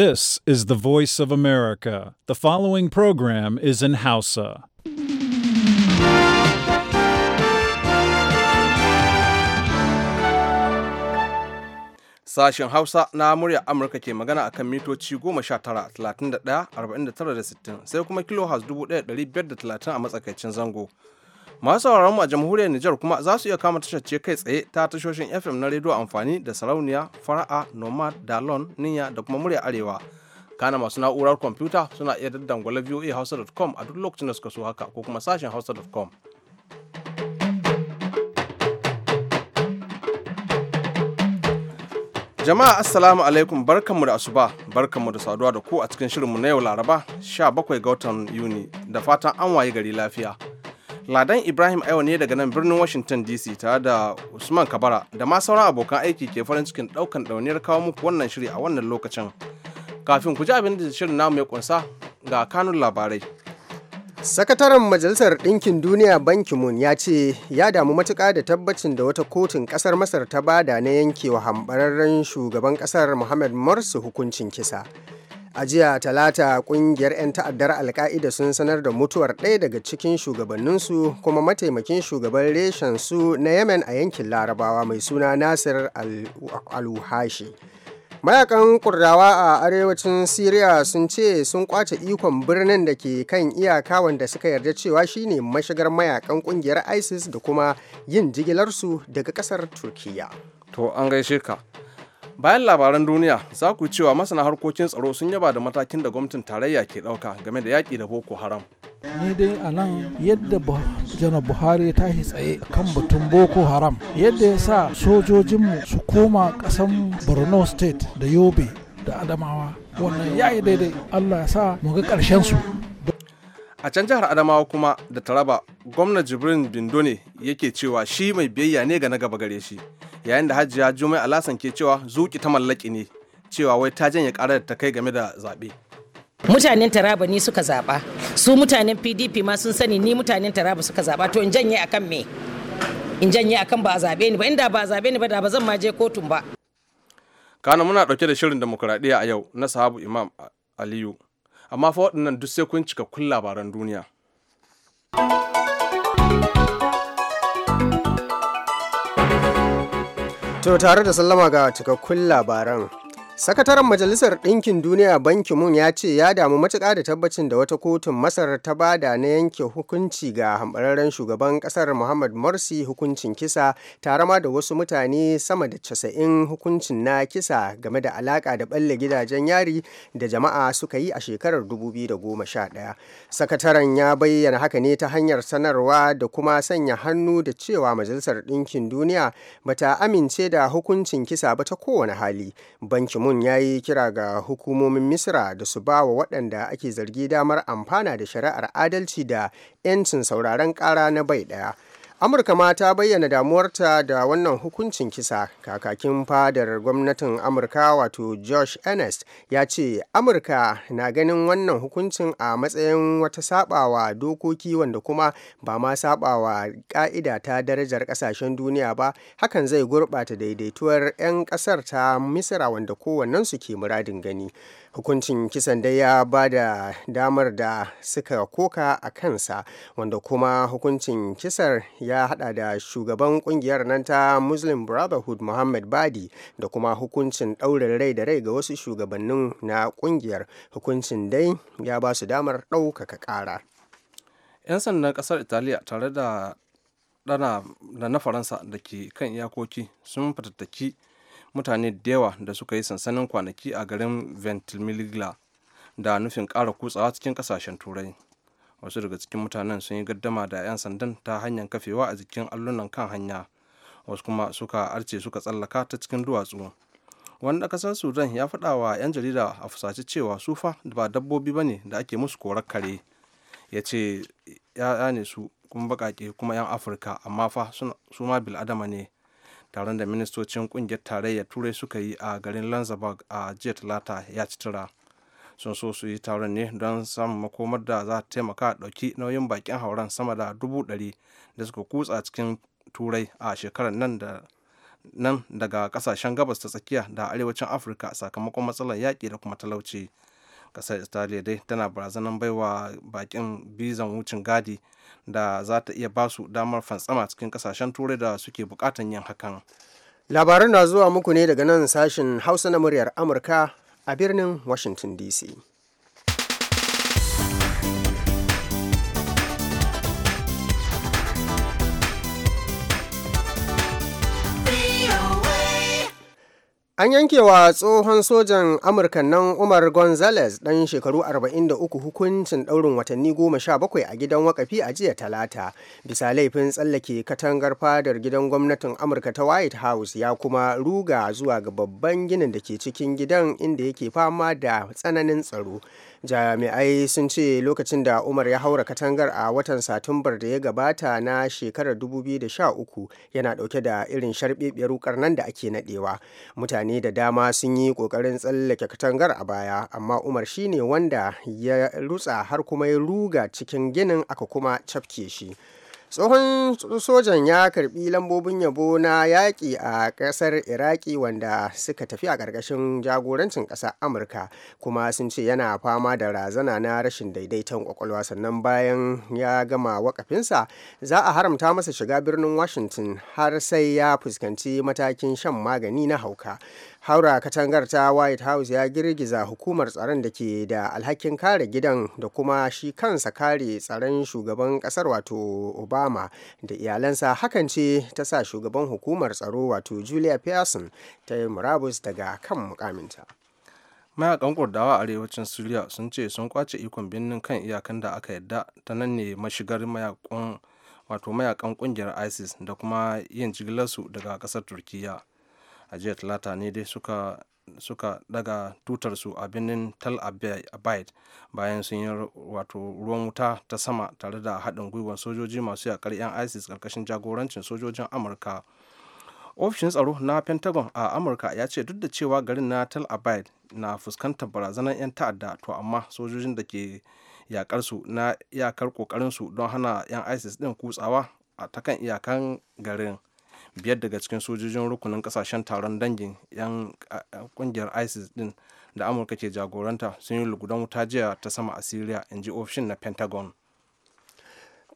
This is the voice of America. The following program is in Hausa. Sashen Hausa na murya Amurka ke magana a kan mitoci 19, 31, 49 60 sai kuma kilohaz 1530 a matsakaicin zango. masu sauraron mu a jamhuriyar Nijar kuma za su iya kama tashar kai tsaye ta tashoshin FM na rediyo amfani da sarauniya, fara'a, nomad, dalon, niya da kuma murya arewa. Kana masu na'urar kwamfuta suna iya daddangwala voahausa.com a duk lokacin da suka so haka ko kuma sashen hausa.com. Jama'a Assalamu alaikum barkanmu da asuba barkanmu da saduwa da ku a cikin shirinmu na yau Laraba 17 ga watan Yuni da fatan an waye gari lafiya. Ladan Ibrahim Aiwa ne daga nan birnin Washington DC tare da Usman Kabara da ma sauran abokan aiki ke farin cikin daukan dauniyar kawo muku wannan shiri a wannan lokacin. Kafin ku ji abin da shirin namu ya kunsa ga kanun labarai. Sakataren Majalisar Ɗinkin Duniya Ban Ki-moon ya ce ya damu matuka da tabbacin da wata kotun ƙasar Masar ta bada na yankewa hambararren shugaban ƙasar Muhammad Morsi hukuncin kisa. a jiya talata kungiyar 'yan ta'addar alka'ida sun sanar da mutuwar ɗaya daga cikin shugabanninsu kuma mataimakin shugaban reshen su na yemen a yankin larabawa mai suna nasir al wuhashi mayakan kurdawa a arewacin syria sun ce sun kwace ikon birnin da ke kan iyaka wanda suka yarda cewa shine mashigar mayakan kungiyar isis da kuma yin jigilarsu daga kasar turkiya to an gaishe ka bayan labaran duniya za ku cewa masana harkokin tsaro sun yaba da matakin da gwamnatin tarayya ke ɗauka game da yaƙi da boko haram ni dai a nan yadda janar buhari ta yi tsaye kan batun boko haram yadda ya sa sojojinmu su koma ƙasan borno state da yobe da adamawa wannan ya yi daidai allah ya sa mu ga ƙarshen su a can jihar adamawa kuma da taraba gwamna jibrin bindo ne yake cewa shi mai biyayya ne ga na gaba gare shi yayin da hajiya jumai alasan ke cewa zuki ta mallaki ne cewa wai ta janye karar ta kai game da zaɓe mutanen taraba ni suka zaɓa su mutanen pdp ma sun sani ni mutanen taraba suka zaɓa to in janye akan me in janye akan ba a zaɓe ni ba inda ba a zaɓe ni ba da ba zan ma je kotun ba kana muna dauke da shirin demokradiya a yau na sahabu imam aliyu amma fa waɗannan duk sai kun cika kun labaran duniya. To tare da sallama ga cikakkun labaran Sakataren Majalisar Ɗinkin Duniya Ban ki ya ce ya damu matuƙa da tabbacin da wata kotun Masar ta bada na yanke hukunci ga hambararren shugaban ƙasar Muhammad Morsi hukuncin kisa tare ma da wasu mutane sama da casa'in hukuncin na kisa game da alaƙa da ɓalle gidajen yari da jama'a suka yi a shekarar 2011. Sakataren ya bayyana haka ne ta hanyar sanarwa da kuma sanya hannu da cewa Majalisar Ɗinkin Duniya bata amince da hukuncin kisa ba ta kowane hali. Ban Mun ya yi kira ga hukumomin Misra da su ba wa waɗanda ake zargi damar amfana da shari'ar adalci da 'yancin sauraron ƙara na bai ɗaya. amurka ma ta bayyana damuwarta da wannan hukuncin kisa kakakin fadar gwamnatin amurka wato josh ernest ya ce amurka na ganin wannan hukuncin a matsayin wata sabawa dokoki wanda kuma ba ma sabawa ka'ida ta darajar kasashen duniya ba hakan zai gurɓata daidaituwar 'yan kasar ta misira wanda kowannensu ke muradin gani hukuncin kisan dai ya ba da damar da suka koka a kansa wanda kuma hukuncin kisar ya hada da shugaban kungiyar nan ta muslim brotherhood muhammad badi da kuma hukuncin ɗaurin rai da rai ga wasu shugabannin na kungiyar hukuncin dai ya ba su damar ɗaukaka ƙara 'yan sandan kasar italiya tare da dana da na faransa da ke kan iyakoki sun fatattaki mutane da yawa da suka yi sansanin kwanaki a garin ventimiglia da nufin kara kutsawa cikin kasashen turai wasu daga cikin mutanen sun yi gaddama da 'yan sandan ta hanyar kafewa a jikin allunan kan hanya wasu kuma suka arce suka tsallaka ta cikin duwatsu wani da kasar sudan ya faɗa wa 'yan jarida a fusace cewa sufa fa ba dabbobi ba ne da ake musu korar kare ya ce ya ne su kuma baƙaƙe kuma 'yan afirka amma fa su ma bil'adama ne taron da ministocin ƙungiyar tarayyar turai suka yi a garin lanzabag a jiya talata ya ci tura sun so su yi taron ne don samun makomar da za ta taimaka ɗauki nauyin bakin hauren sama da dubu ɗari da suka kutsa cikin turai a shekarar nan da nan daga kasashen gabas ta tsakiya da arewacin afirka sakamakon matsalar yaƙi da kuma talauci kasar italiya dai tana barazanar baiwa bakin bizan wucin gadi da za ta iya basu damar fantsama cikin kasashen turai da suke bukatan yin hakan labaran na zuwa muku ne daga nan sashen hausa na muryar amurka a birnin Washington DC. An yanke wa tsohon sojan Amurka nan Umar Gonzalez, ɗan shekaru 43 hukuncin ɗaurin watanni 17 a gidan wakafi a jiya talata bisa laifin tsallake katangar fadar gidan gwamnatin Amurka ta White House ya kuma ruga zuwa ga babban ginin da ke cikin gidan inda yake fama da tsananin tsaro. jami'ai sun ce lokacin da umar ya haura katangar a watan satumbar da ya gabata na shekarar 2013 yana dauke da irin sharbebiyar wukar nan da ake nadewa mutane da dama sun yi kokarin tsallake katangar a baya amma umar shine wanda ya rutsa har kuma ya ruga cikin ginin aka kuma cafke shi tsohon sojan ya karbi lambobin yabo na yaƙi a ƙasar iraki wanda suka tafi a ƙarƙashin jagorancin ƙasar amurka kuma sun ce yana fama da razana na rashin daidaiton kwakwalwa sannan bayan ya gama wakafinsa za a haramta masa shiga birnin washington har sai ya fuskanci matakin shan magani na hauka haura katangar ta white house ya girgiza hukumar tsaron da ke da alhakin kare gidan da kuma shi kansa kare tsaron shugaban kasar wato obama da iyalansa hakan ce ta sa shugaban hukumar tsaro wato julia pearson ta yi murabus daga kan mukaminta mayakan kurdawa a arewacin siriya sun ce sun kwace ikon birnin kan iyakan da aka yadda ta nan ne mashigar wato mayakan kungiyar isis da kuma yin jigilarsu daga kasar turkiyya jiya talata ne dai suka suka daga tutarsu a birnin tal abid bayan sun yi wato ruwan wuta ta sama tare da haɗin gwiwar sojoji masu yakar 'yan isis karkashin jagorancin sojojin amurka ofishin tsaro na pentagon a amurka ya ce duk da cewa garin na tal abid na fuskantar barazanar 'yan ta'adda to amma sojojin da ke yakar na iyakar kokarin don hana 'yan isis din kutsawa a takan iyakan garin biyar daga cikin sojojin rukunin kasashen taron dangin yan kungiyar isis din da amurka ke jagoranta sun yi lugudan wuta jiya ta sama a syria in ji ofishin na pentagon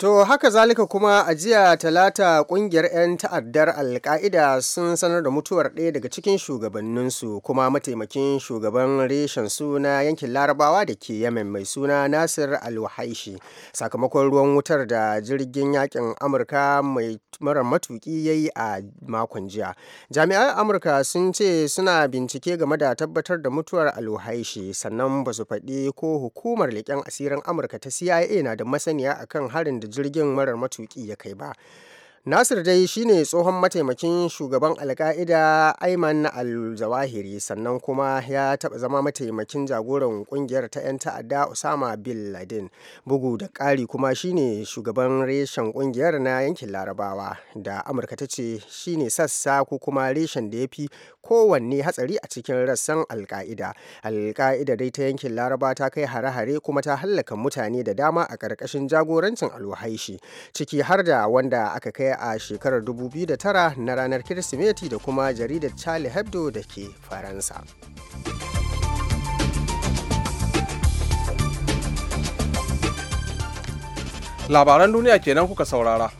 To haka zalika kuma a jiya talata kungiyar 'yan ta'addar alka'ida sun sanar da mutuwar ɗaya daga cikin shugabanninsu kuma mataimakin shugaban reshen suna yankin larabawa da ke yamen mai suna nasir alwahaishi sakamakon ruwan wutar da jirgin yakin amurka mai mara matuki ya yi a makon jiya jami'an amurka sun ce suna bincike game da tabbatar da mutuwar alwahaishi sannan ba su faɗi ko hukumar leƙen asirin amurka ta cia na da masaniya akan harin da jirgin marar matuki ya kai ba Nasir dai shine tsohon mataimakin shugaban Alka'ida Ayman al-Zawahiri sannan kuma ya taɓa zama mataimakin jagoran kungiyar ta 'yan ta'adda Osama bin Laden. Bugu da ƙari kuma shine shugaban reshen kungiyar na yankin Larabawa da Amurka ta ce shine sassa ko kuma reshen da ya fi kowanne hatsari a cikin rassan Alka'ida. Alka'ida dai ta yankin Laraba ta kai hare-hare kuma ta hallaka mutane da dama a ƙarƙashin jagorancin alwahaishi ciki har da wanda aka kai a shekarar 2009 na ranar kirsimeti da kuma jaridar charlie hebdo da ke faransa labaran duniya kenan kuka saurara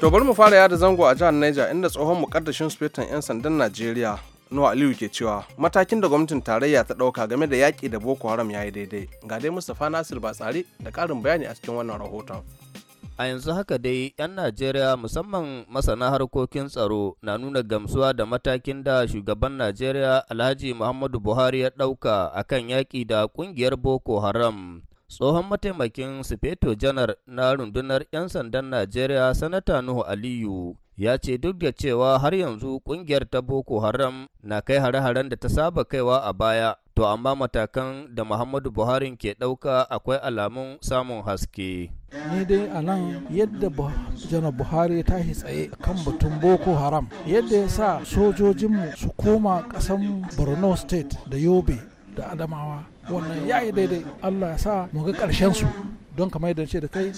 To bari mu fara yada zango a jihar Niger inda tsohon mukaddashin sufetan 'yan sandan Najeriya Nuwa Aliyu ke cewa matakin da gwamnatin tarayya ta ɗauka game da yaƙi da Boko Haram ya yi daidai. Ga dai Mustapha Nasir Batsari da ƙarin bayani a cikin wannan rahoton. A yanzu haka dai, 'yan Najeriya musamman masana harkokin tsaro na nuna gamsuwa da matakin da shugaban Najeriya Alhaji Muhammadu Buhari ya ɗauka a kan yaƙi da ƙungiyar Boko Haram. Tsohon mataimakin Sufeto Janar na rundunar 'yan sandan Najeriya Sanata Nuhu Aliyu ya ce duk da cewa har yanzu kungiyar ta Boko Haram na kai hare-haren da ta saba kaiwa a baya, to amma matakan da Muhammadu Buhari ke ɗauka akwai alamun samun haske. Ni dai a nan yadda janar Buhari ta tsaye kan batun Boko Haram, yadda ya sa sojojinmu su koma ƙasan Borno State da Yobe da Adamawa, wannan ya yi daidai Allah ya sa mu ga ƙarshen su. don kamar yadda ce da kai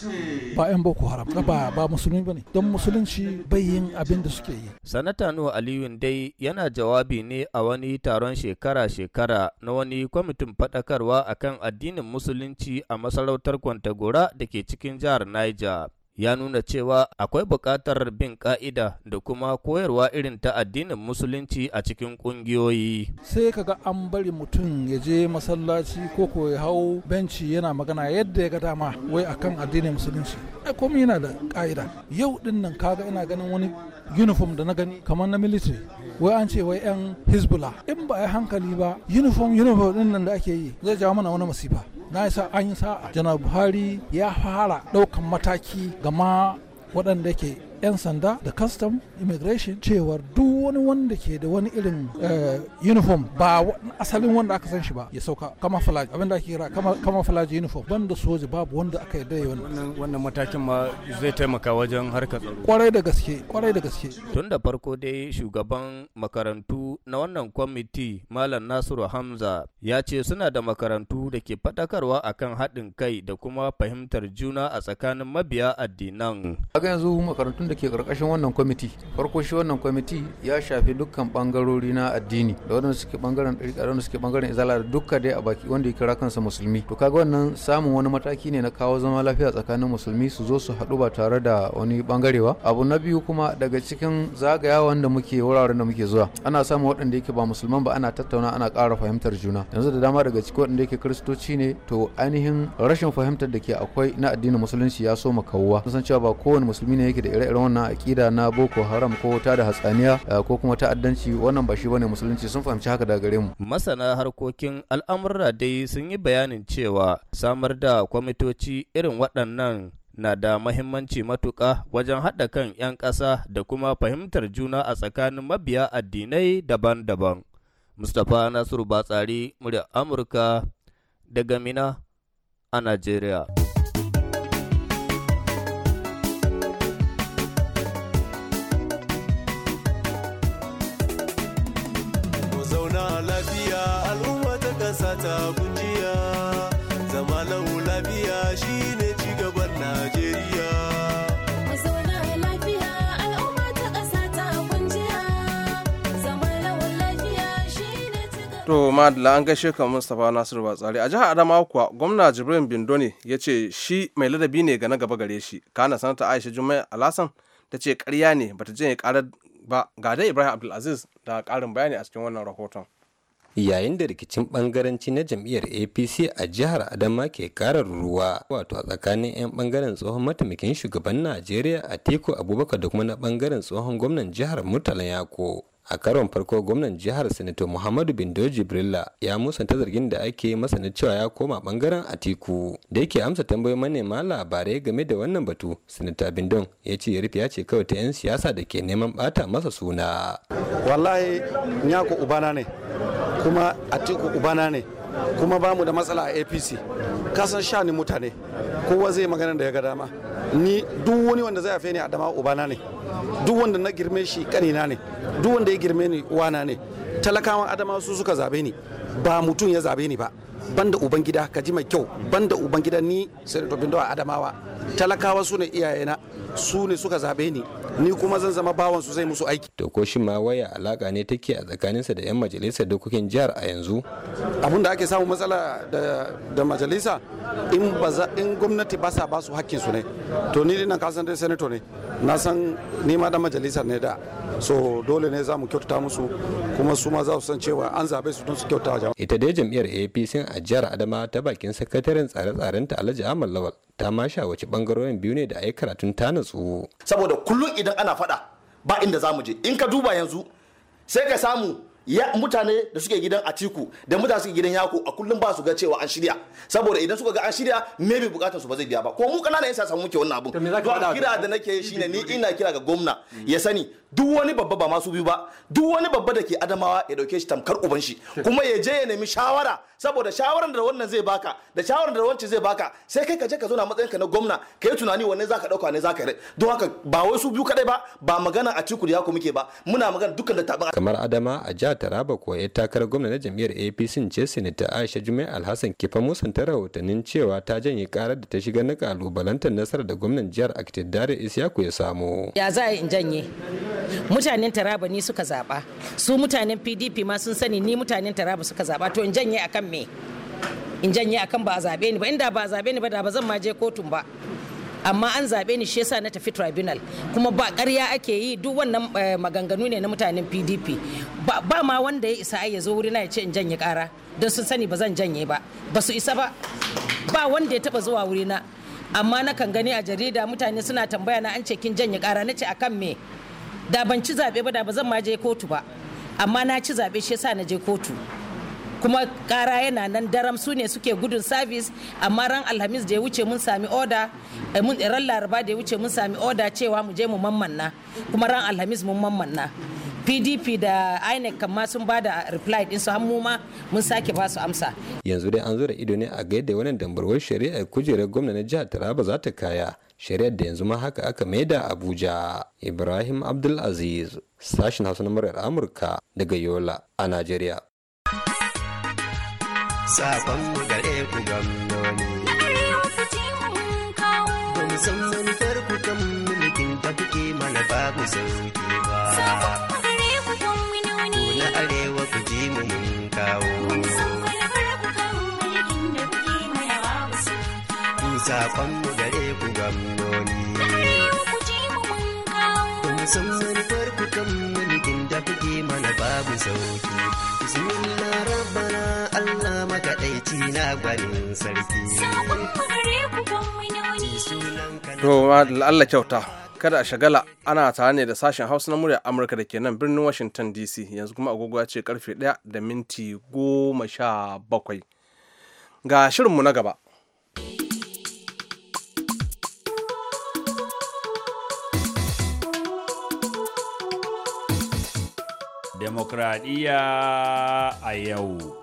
ba 'yan boko haram ba ba musulmi bane don musulunci bai yin abin da suke yi sanata nu aliyun dai yana jawabi ne a wani taron shekara-shekara na wani kwamitin faɗakarwa akan addinin musulunci a masarautar kwantagora da ke cikin jihar niger ya nuna cewa akwai buƙatar bin ƙa'ida da kuma koyarwa irin ta addinin musulunci a cikin ƙungiyoyi. Sai kaga an bari mutum ya je masallaci ko ko ya hau benci yana magana yadda ya ga dama wai akan addinin musulunci. Ai yana da ƙa'ida. Yau din nan kaga ina ganin wani uniform da na gani kamar na military wai an ce wai 'yan Hezbollah in ba a hankali ba uniform uniform din nan da ake yi zai jawo mana wani masifa. na yasa an yi sa'a janar buhari ya fara ɗaukan mataki gama waɗanda ke 'yan sanda da custom immigration cewar duk wani wanda ke da wani irin eh, uniform ba asalin wanda aka san shi ba ya sauka kama flag abinda ake kira kama flag uniform banda soja babu wanda aka yarda yawan wannan matakin ma zai taimaka wajen harkar tsaro kwarai da gaske kwarai da gaske tun da farko dai shugaban makarantu na wannan kwamiti malam nasiru hamza ya ce suna da makarantu da ke faɗakarwa akan haɗin kai da kuma fahimtar juna a tsakanin mabiya addinan yanzu makarantun da ke karkashin wannan kwamiti farko shi wannan kwamiti ya shafi dukkan bangarori na addini da wadanda suke bangaren ɗariƙa da suke bangaren izala da dukka dai a baki wanda ya kira kansa musulmi to kaga wannan samun wani mataki ne na kawo zama lafiya tsakanin musulmi su zo su haɗu ba tare da wani bangare abu na biyu kuma daga cikin zagaya da muke wuraren da muke zuwa ana samun waɗanda yake ba musulman ba ana tattauna ana ƙara fahimtar juna yanzu da dama daga cikin waɗanda yake kiristoci ne to ainihin rashin fahimtar da ke akwai na addinin musulunci ya so makawuwa sun san cewa ba kowane musulmi ne yake da ire ire wannan aƙida na boko haram ko ta da hatsaniya eh, ko kuma ta'addanci wannan ba shi bane musulunci sun fahimci haka daga gare mu masana harkokin al'amura dai sun yi bayanin cewa samar da kwamitoci irin waɗannan na da mahimmanci matuƙa wajen haɗa kan 'yan ƙasa da kuma fahimtar juna a tsakanin mabiya addinai daban-daban. Mustapha Nasiru Batsari, murya Amurka daga Mina a nigeria. To Madala an gaishe ka Mustapha Nasiru Batsari a jihar Adamawa kuwa gwamna Jibrin bindoni ya ce shi mai ladabi ne ga na gaba gare shi. Kana sanata Aisha Jummai alasan ta ce karya ne bata je karar ba ga dai Ibrahim Abdulaziz da ƙarin bayani a cikin wannan rahoton. yayin da rikicin bangaranci na jam'iyyar apc a jihar adama ke karar ruwa wato a tsakanin 'yan bangaren tsohon mataimakin shugaban najeriya atiku abubakar da kuma na bangaren tsohon gwamnan jihar murtala yako a karon farko gwamnan jihar sanato muhammadu bindo jibrilla ya musanta zargin da ake masa na cewa ya koma bangaren atiku da yake amsa tambayoyin manema labarai game da wannan batu sanata bindon ya ce ya rufiya ce kawai ta 'yan siyasa da ke neman bata masa suna wallahi nyako ubana ne kuma atiku ubana ne kuma ba mu da matsala a apc kasan sha ni mutane kowa zai magana da ya ga dama ni duk wani wanda zai ni a dama ubana ne duk wanda na girme shi kanina ne duk wanda ya girme ni wana ne talakawan adama su suka zabe ni ba mutum ya zabe ni ba banda ubangida ka ji mai kyau banda ubangida ni sai da adamawa talakawa su ne iyayena su ne suka zabe ni ni kuma zan zama bawan su zai musu aiki to ko shi ma waya alaka ne take a tsakaninsa da yan majalisar dokokin jihar a yanzu abin da ake samu matsala da majalisa in in gwamnati ba sa ba su hakkin su ne to ni nan kasan dai senator ne na san ni ma dan majalisar ne da so dole ne za mu kyautata musu kuma su ma za su san cewa an zabe su don su kyautata jama'a ita dai jam'iyyar APC a jihar Adama ta bakin sakataren tsare-tsaren ta Alhaji Ahmad Lawal ta ma wace bangarorin biyu ne da a yi karatun ta natsu saboda kullum idan ana faɗa ba inda za mu je in ka duba yanzu sai ka samu ya mutane da suke gidan atiku da mutane suke gidan yaku a kullum ba su ga cewa an shirya saboda idan suka ga an shirya me bukatar su ba zai biya ba ko mu kananan yasa samu muke wannan abun to kira da nake shi ne ni ina kira ga gwamna ya sani duk wani babba ba masu biyu ba duk wani babba da ke adamawa ya dauke shi tamkar uban shi kuma ya je ya nemi shawara saboda shawaran da wannan zai baka da shawaran da wancan zai baka sai kai ka je ka zo na matsayinka na gwamna ka yi tunani wanne zaka dauka ne zaka rai don haka ba wai su biyu kadai ba ba magana a ya da muke ba muna magana dukkan da taba kamar adama a jihar taraba ko ya takarar gwamna na jam'iyyar apc ce ta aisha jumai alhassan kifa ta rahotannin cewa ta janye karar da ta shiga na kalubalantar nasarar da gwamnan jihar akitidare isyaku ya samu ya za in janye mutanen taraba ni suka zaba su mutanen pdp ma sun sani ni mutanen taraba suka zaba to in janye akan me in janye akan ba a zabe ni ba inda ba a zabe ni ba da ba zan ma je kotun ba amma an zaɓe ni shi yasa na tafi tribunal kuma ba ƙarya ake yi duk wannan eh, maganganu ne na mutanen pdp ba ma wanda ya isa ai ya zo wurina ya ce in janye ƙara don sun sani ba zan janye ba ba su isa ba ba wanda ya taba zuwa na amma na kan gani a jarida mutane suna tambaya na an ce kin janye ƙara na ce akan me da ban ci zaɓe ba da ba zan ma je kotu ba amma na ci zaɓe shi yasa na je kotu kuma kara yana nan daram su ne suke gudun sabis amma ran alhamis da ya wuce mun sami oda eh, ran laraba da ya wuce mun sami oda cewa mu je mu mammanna kuma ran alhamis mun mammanna pdp da inec kan ma sun bada reply din su mu ma mun sake ba su amsa yanzu dai an zura ido ne a gaida wani dambarwar shari'a kujerar gwamna na jihar taraba za ta kaya shari'ar da yanzu ma haka aka maida abuja ibrahim abdulaziz sashen hausa na muryar amurka daga yola a najeriya Sakon mu gare ku gwamnoni. wasu kawo. sun mun kan mulkin kuke mana ku sauki ba. ku na arewa ku ji mu mun kawo. mu gare ku gwamnoni. Kun san manufar kan mulkin da kuke mana babu sauki. Bismillah rabbana Allah makaɗaici na gwanin sarki. mu gare ku gwamnoni. To, Allah kyauta. kada a shagala ana tare ne da sashen hausa na murya amurka da ke nan birnin washington dc yanzu kuma agogo ya ce karfe 1 da minti 17 ga shirinmu na gaba demokradiyya a yau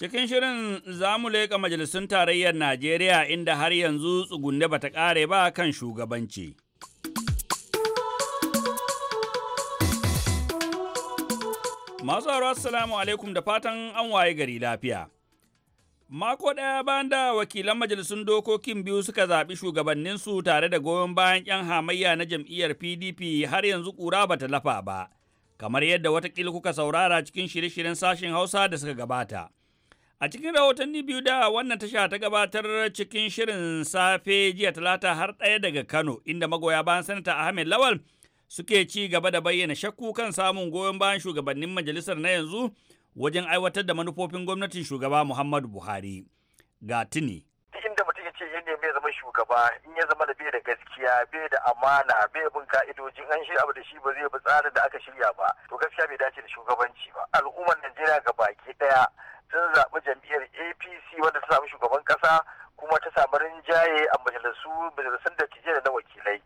Cikin shirin za mu leƙa majalisun tarayyar Najeriya inda har yanzu tsugunne bata ƙare ba kan shugabanci. Masu haro assalamu alaikum da fatan an waye gari lafiya. Mako ɗaya bayan da wakilan majalisun dokokin biyu suka zaɓi shugabanninsu tare da goyon bayan 'yan hamayya na jam'iyyar PDP har yanzu ƙura bata lafa ba, kamar yadda watakila kuka saurara cikin shirye-shiryen sashen Hausa da suka gabata. A cikin rahotanni biyu da wannan tasha ta gabatar cikin shirin safe jiya talata har ɗaya daga Kano, inda magoya bayan sanata Ahmed Lawal suke ci gaba da bayyana shakku kan samun goyon bayan shugabannin majalisar na yanzu wajen aiwatar da manufofin gwamnatin shugaba Muhammadu Buhari. Ga tuni. Inda mutum ya ce ya ne zama shugaba, in ya zama da bai da gaskiya, bai da amana, bai bin ka'idojin an shirya abu da shi ba zai bi tsarin da aka shirya ba, to gaskiya bai dace da shugabanci ba. Al'ummar Najeriya ga baki ɗaya sun zaɓi jam'iyyar apc wanda ta samu shugaban ƙasa kuma ta samu rinjaye a majalisu majalisun da da na wakilai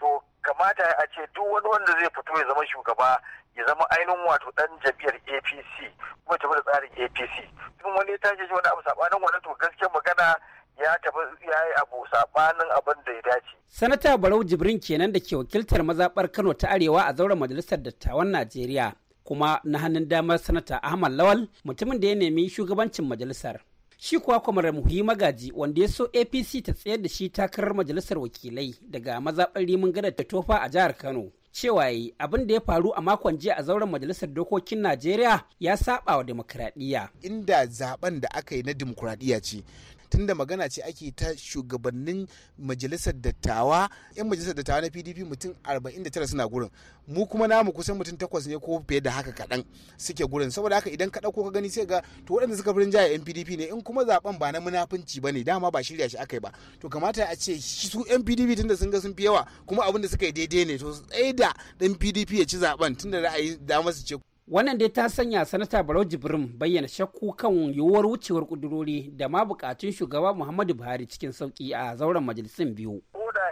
to kamata a ce duk wani wanda zai fito ya zama shugaba ya zama ainihin wato dan jam'iyyar apc kuma tafi da tsarin apc tun wani ta ce wani abu saɓanin wannan to gaskiyar magana ya tafi ya yi abu saɓanin abin da ya dace. sanata barau jibrin kenan da ke wakiltar mazaɓar kano ta arewa a zauren majalisar dattawan najeriya kuma na hannun damar sanata ahmad lawal mutumin da ya nemi shugabancin majalisar shi kuwa kwamarar muhi magaji wanda ya so apc ta tsayar da shi takarar majalisar wakilai daga mazaɓar rimin gadar ta tofa a jihar kano cewa yi abin da ya faru a makon jiya a zauren majalisar dokokin najeriya ya saba wa demokradiyya inda zaben da aka yi na demokradiyya ce tunda magana ce ake ta shugabannin majalisar dattawa yan majalisar dattawa na pdp mutum 49 suna gurin mu kuma namu kusan mutum takwas ne ko fiye da haka kaɗan suke gurin saboda haka idan ka ɗauko ka gani sai ga to waɗanda suka fi rinjaye yan pdp ne in kuma zaben ba na munafunci ba ne dama ba shirya shi aka yi ba to kamata a ce su yan pdp tunda sun ga sun fi yawa kuma abin da suka yi daidai ne to tsaye da ɗan pdp ya ci zaben tunda ra'ayi damar su ce wannan dai ta sanya sanata barau jibrin bayyana shakku kan yiwuwar wucewar kudurori da ma bukatun shugaba muhammadu buhari cikin sauki a zauren majalisun biyu da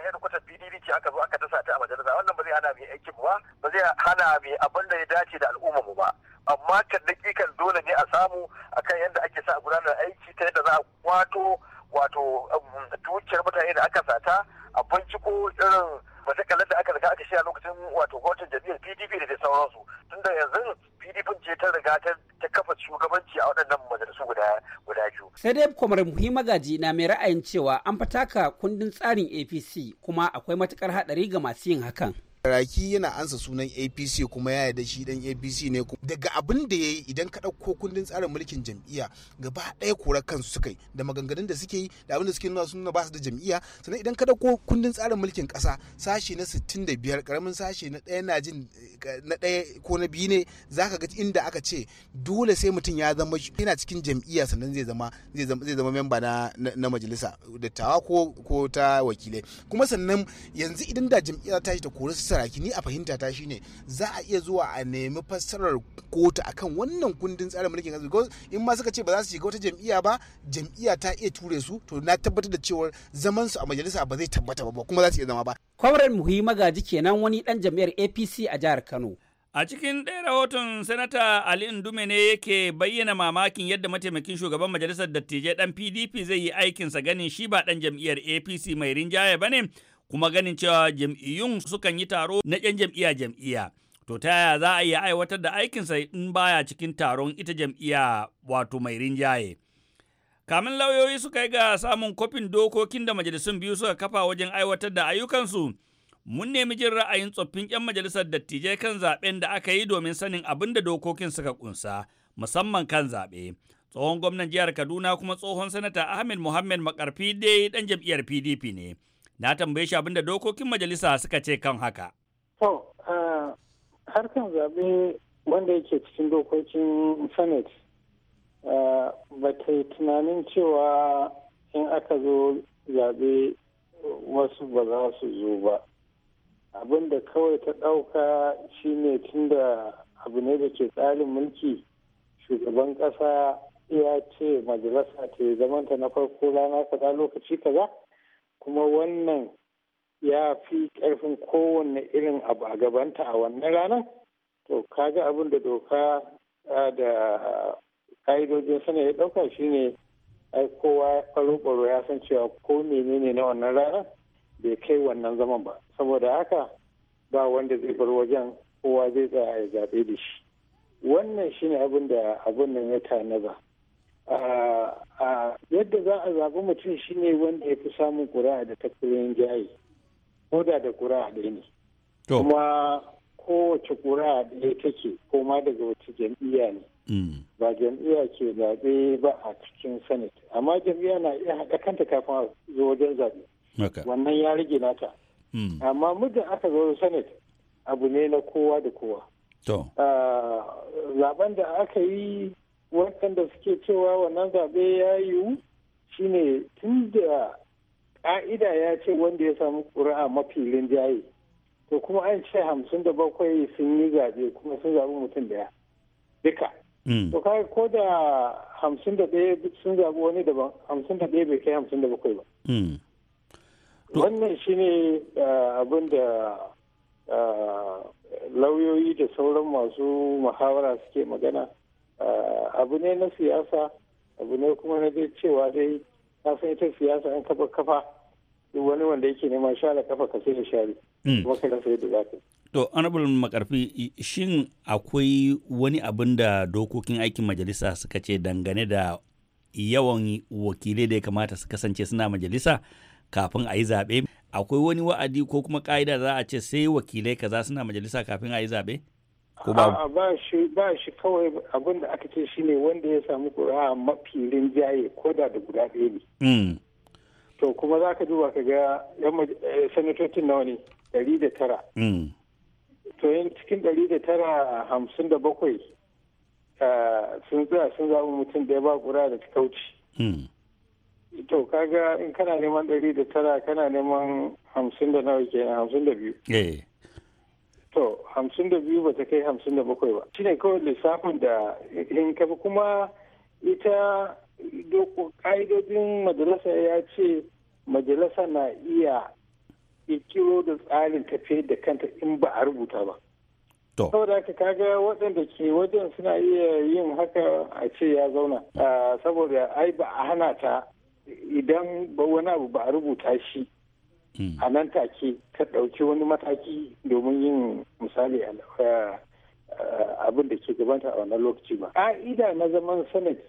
ce aka zo aka dasa ta a majalisa wannan ba zai hana mai aikin ba ba zai hana mai abin da ya dace da al'umma mu ba amma kan dakikan dole ne a samu akan yadda ake sa gudanar aiki ta yadda za a kwato wato um, dukiyar mutane da aka sata a binciko irin matakalar da aka shiga ta kafa shugabanci a waɗannan majalisu guda guda biyu. Sai dai kwamar muhimmi na mai ra'ayin cewa an fataka kundin tsarin APC kuma akwai matukar haɗari ga masu yin hakan. Raki yana ansa sunan APC kuma ya yarda shi dan APC ne daga abin da ya yi idan ka ɗauko kundin tsarin mulkin jam'iyya gaba ɗaya korar kansu suka yi da maganganun da suke yi da abin da suke nuna suna nuna ba su da jam'iyya sannan idan ka ɗauko kundin tsarin mulkin ƙasa sashi na 65 karamin sashi na ɗaya na jin na ɗaya ko na biyu ne za ka ga inda aka ce dole sai mutum ya zama yana cikin jam'iyya sannan zai zama zai zama memba na na majalisa dattawa ko ko ta wakilai kuma sannan yanzu idan da jam'iyya ta shi ta kori su saraki ni a fahimta ta ne za a iya zuwa a nemi fassarar kota akan wannan kundin tsarin mulkin kasa because in ma suka ce ba za su shiga wata jam'iyya ba jam'iyya ta iya ture su to na tabbatar da cewar zaman su a majalisa ba zai tabbata ba kuma za su iya zama ba kwamran muhimmi magaji kenan wani dan jam'iyyar APC a jihar Kano A cikin ɗaya rahoton Sanata Ali Ndume ne yake bayyana mamakin yadda mataimakin shugaban majalisar dattijai dan PDP zai yi aikin sa ganin shi ba dan jam'iyyar APC mai rinjaye ba ne, kuma ganin cewa jam'iyyun sukan yi taro na 'yan jam'iyya jam'iyya. To ta yaya za a iya aiwatar da aikinsa in baya cikin taron ita jam'iyya wato mai rinjaye. Kamin lauyoyi suka yi ga samun kofin dokokin da majalisun biyu suka kafa wajen aiwatar da ayyukansu, mun nemi jin ra'ayin tsoffin 'yan majalisar dattijai kan zaɓen da aka yi domin sanin abin da dokokin suka kunsa, musamman kan zaɓe. Tsohon gwamnan jihar Kaduna kuma tsohon sanata Ahmed Muhammad Makarfi dai ɗan jam'iyyar PDP ne. Na tambaye shi abin da dokokin majalisa suka ce kan haka. harkan zaɓe wanda yake cikin dokokin senate ba ta yi tunanin cewa in aka zo zaɓe wasu ba za su zo ba abin da kawai ta ɗauka shine tunda abu ne da ke tsarin mulki shugaban ƙasa ya ce majalisa ta yi zamanta na farko rana kaza lokaci kaza kuma wannan ya fi ƙarfin kowanne irin abu a gabanta a wannan rana. to kaga abin da doka da ka'idojin sana ya ɗauka shine ai kowa ɓaro-ɓaro ya san cewa ko menene na wannan ranar bai kai wannan zaman ba saboda haka ba wanda zai bar wajen kowa zai tsaya ya zaɓe da shi wannan shine abin da abin nan ya yadda za a zaɓi mutum shine wanda ya fi samun ƙuri'a da ta jayi koda da ƙura ɗaya ne kuma kowace ƙura ɗaya take koma daga wata jam'iyya ne mm. ba jam'iyya ke zaɓe ba a cikin sanit. amma jam'iyya na iya haɗa kanta kafin a zo wajen zaɓe wannan ya rage nata mm. amma muddin aka zo sanit abu ne na kowa da kowa ah, zaben da aka yi waɗanda suke cewa wannan zaɓe ya yiwu shine tun da ƙa'ida ya ce wanda ya samu ƙuri'a mafi linjaye to kuma an ce hamsin da bakwai sun yi zaɓe kuma sun zaɓi mutum ɗaya duka mm. to kai ko da hamsin da ɗaya sun zaɓi wani daban hamsin da ɗaya bai kai hamsin da bakwai ba mm. wannan shi ne uh, abin da uh, lauyoyi da sauran masu muhawara suke magana uh, abu ne na siyasa abu ne kuma na dai cewa dai ka san ita siyasa an kafa kafa duk wani wanda yake neman share kafa ka sai da share mm. kuma kai rasa yadda za ka To, Honorable Makarfi, shin akwai wani abin da dokokin aikin majalisa suka ce dangane da yawan wakilai da ya kamata su kasance suna majalisa kafin a yi zaɓe? Akwai wani wa'adi ko kuma ƙa'ida za a ce sai wakilai kaza suna majalisa kafin a yi zaɓe? ko ba shi ba shi kawai abin da aka ce shine wanda ya samu ƙuri'a mafi rinjaye ko da da guda ɗaya ne hmm. to kuma za ka duba ka ga yan eh, sanatocin nawa ne ɗari da tara hmm. to yin cikin ɗari da tara hamsin da bakwai eh, sun tsaya sun zaɓi mutum da ya ba ƙuri'a da ta kauci hmm. to kaga in kana neman ɗari da tara kana neman hamsin da nawa kenan hamsin da biyu eh. to hamsin da biyu ba ta kai hamsin da bakwai ba shine kawai lissafin da in kafa kuma ita ƙa'idodin majalisa ya ce majalisa na iya ikiro da tsarin tafiye da kanta in ba a rubuta ba saboda haka kaga waɗanda ke wajen suna iya yin haka a ce ya zauna ah, saboda ai ba a hana ta idan ba wani abu ba a rubuta shi Hmm. a nan take ta ɗauki wani mataki domin yin misali a abin da ke gabanta a wannan lokaci ba ƙa'ida na zaman sanadi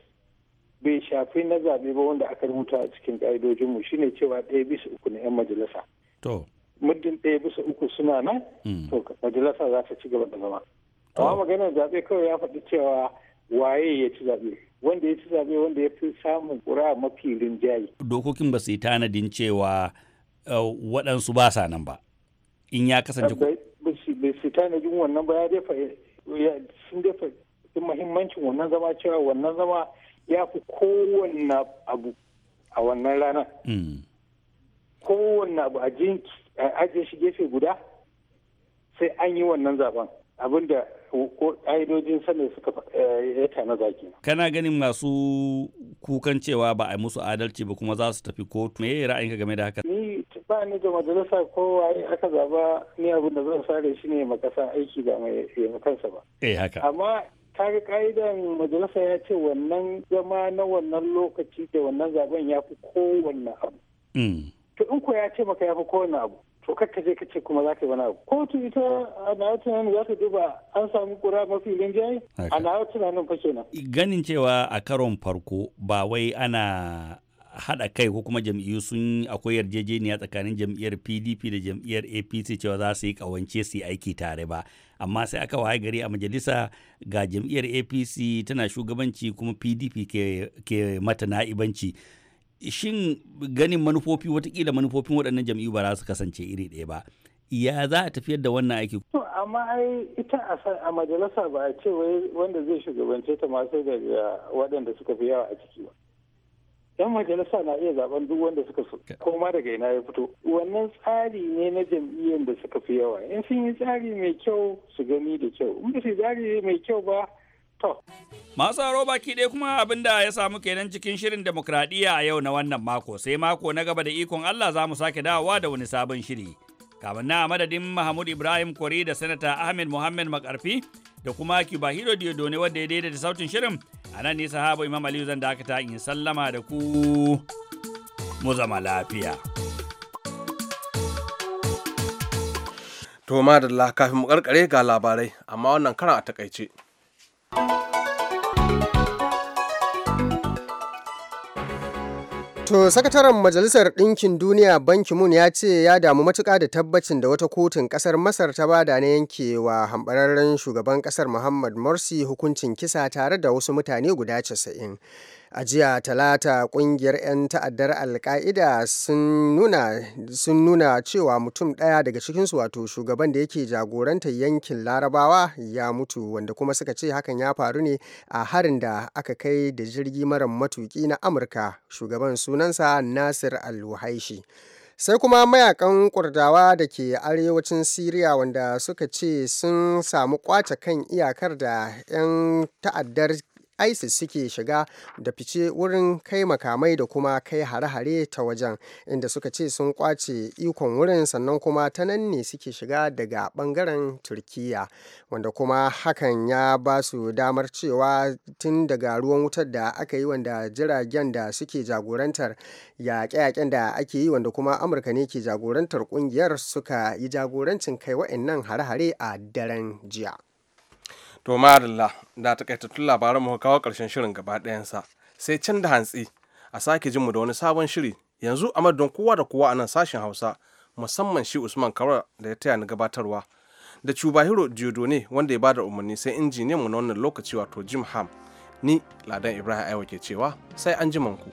bai shafi na zaɓe ba wanda aka rubuta a cikin ƙa'idojinmu shine cewa ɗaya bisa uku na 'yan majalisa to muddin ɗaya bisa uku suna nan hmm. to majalisa za ta ci gaba da zama amma maganar zaɓe kawai ya faɗi cewa waye ya ci zaɓe wanda ya ci zaɓe wanda ya fi samun ƙura mafi rinjaye dokokin ba su yi tanadin cewa Uh, waɗansu ba sa nan ba in ya kasance bai su tanajin wannan ba ya dafa sun dafa mahimmancin wannan zama cewa wannan zama ya fi kowanne abu a wannan ranar hmm. kowanne abu a jinki a ajiye shi gefe guda sai an yi wannan zaben abinda ƙa'idojin sanin suka eh, ya na ke. Kana ganin masu kukan cewa ba a musu adalci ba kuma za su tafi kotu me ra'ayinka game da haka? Ni ba ni ga majalisa ko waye aka zaba ni abin zan sare shi ne makasa aiki ba mai kansa ba. Eh haka. Amma kaga ka'idan majalisa ya ce wannan zama na wannan lokaci da wannan zaben ya fi kowanne abu. Mm. To in ko ya ce maka ya fi kowanne abu. to kakka je kace kuma za ka yi wani abu kotu ita a na tunanin za ta duba an samu kura mafi rinjaye a na tunanin fa kenan ganin cewa a karon farko ba wai ana haɗa kai ko kuma jam'iyyu sun akwai yarjejeniya tsakanin jam'iyyar pdp da jam'iyyar apc cewa za su yi ƙawance su yi aiki tare ba amma sai aka waye gari a majalisa ga jam'iyyar apc tana shugabanci kuma pdp ke mata na'ibanci shin ganin manufofi watakila manufofin waɗannan jam'iyyu ba za su kasance iri ɗaya ba ya za a tafiyar da wannan aiki. amma ai ita a majalisa ba a ce wanda zai shugabance ta masu daga waɗanda suka fi yawa a ciki ba. Yan majalisa na iya zaben duk wanda suka so, ma daga ina ya fito. Wannan tsari ne na jam'iyyar da suka fi yawa. In sun yi tsari mai kyau su gani da kyau. In ba su tsari mai kyau ba Masu haro baki ɗaya kuma abin da ya samu kenan cikin shirin demokradiyya a yau na wannan mako sai mako na gaba da ikon Allah za mu sake dawowa da wani sabon shiri. Kamar na madadin Mahmud Ibrahim Kori da Sanata Ahmed Muhammad Makarfi da kuma Cuba Hiro Diodone wadda ya daidaita sautin shirin a nan ne sahaba Imam Aliyu zan dakata in sallama da ku mu zama lafiya. To madalla kafin mu karkare ga labarai amma wannan karan a takaice. To sakataren Majalisar Ɗinkin Duniya banki moon ya ce ya damu matuƙa da tabbacin da wata kotun ƙasar Masar ta bada na wa hambararren shugaban ƙasar Muhammad Morsi hukuncin kisa tare da wasu mutane guda casa'in. a jiya talata kungiyar 'yan ta'addar alka'ida sun nuna cewa mutum ɗaya daga cikinsu wato shugaban da yake jagorantar yankin larabawa ya mutu wanda kuma suka ce hakan ya faru ne a harin da aka kai da jirgi mara matuki na amurka shugaban sunansa nasir al sai kuma mayakan kurdawa da ke arewacin siriya wanda suka ce sun samu kwace kan iyakar da 'yan ta'addar isis suke shiga da fice wurin kai makamai da kuma kai hare-hare ta wajen inda suka ce sun kwace ikon wurin sannan kuma ta nan ne suke shiga daga bangaren turkiyya wanda kuma hakan ya ba su damar cewa tun daga ruwan wutar da aka yi wanda jiragen da suke jagorantar yaƙe-yaƙen da ake yi wanda kuma amurka ne ke jagorantar kungiyar suka yi jagorancin kai nan hare-hare a daren jiya. to madalla da takaitattun labaran mu kawo karshen shirin gaba ɗayansa sai can da hantsi a sake jin mu da wani sabon shiri yanzu a madadin kowa da kowa a nan sashen hausa musamman shi usman kawar da ya taya ni gabatarwa da cubahiro ne wanda ya bada umarni sai injiniyan mu na wannan lokaci wato jim ham ni ladan ibrahim aiwa ke cewa sai an ji ku